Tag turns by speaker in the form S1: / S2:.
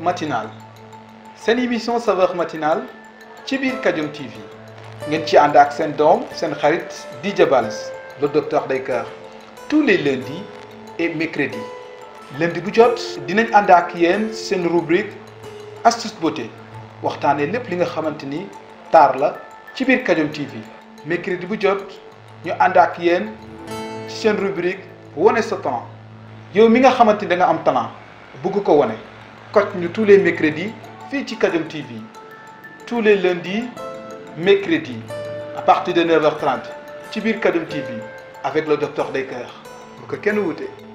S1: matinal sen émission saveur matinal ci biir Kadiom TV ngeen ci ànd ak sen dom sen xarit DJ Balz le docteur Daycoeur tous les lundis et mercredis lundi bu jot dinañ ànd ak yéen sen rubrique astuce beauté waxtane lepp li nga xamanteni tar la ci biir Kadiom TV mercredi bu jot ñu ànd ak yéen sen rubrique woné sa temps yow mi nga xamanteni da nga am talent bëgg ko woné Continue tous les mercredis Fiti Kadem TV tous les lundis mercredis à partir de 9h30 ci Kadem TV avec le docteur Dekker Vous ko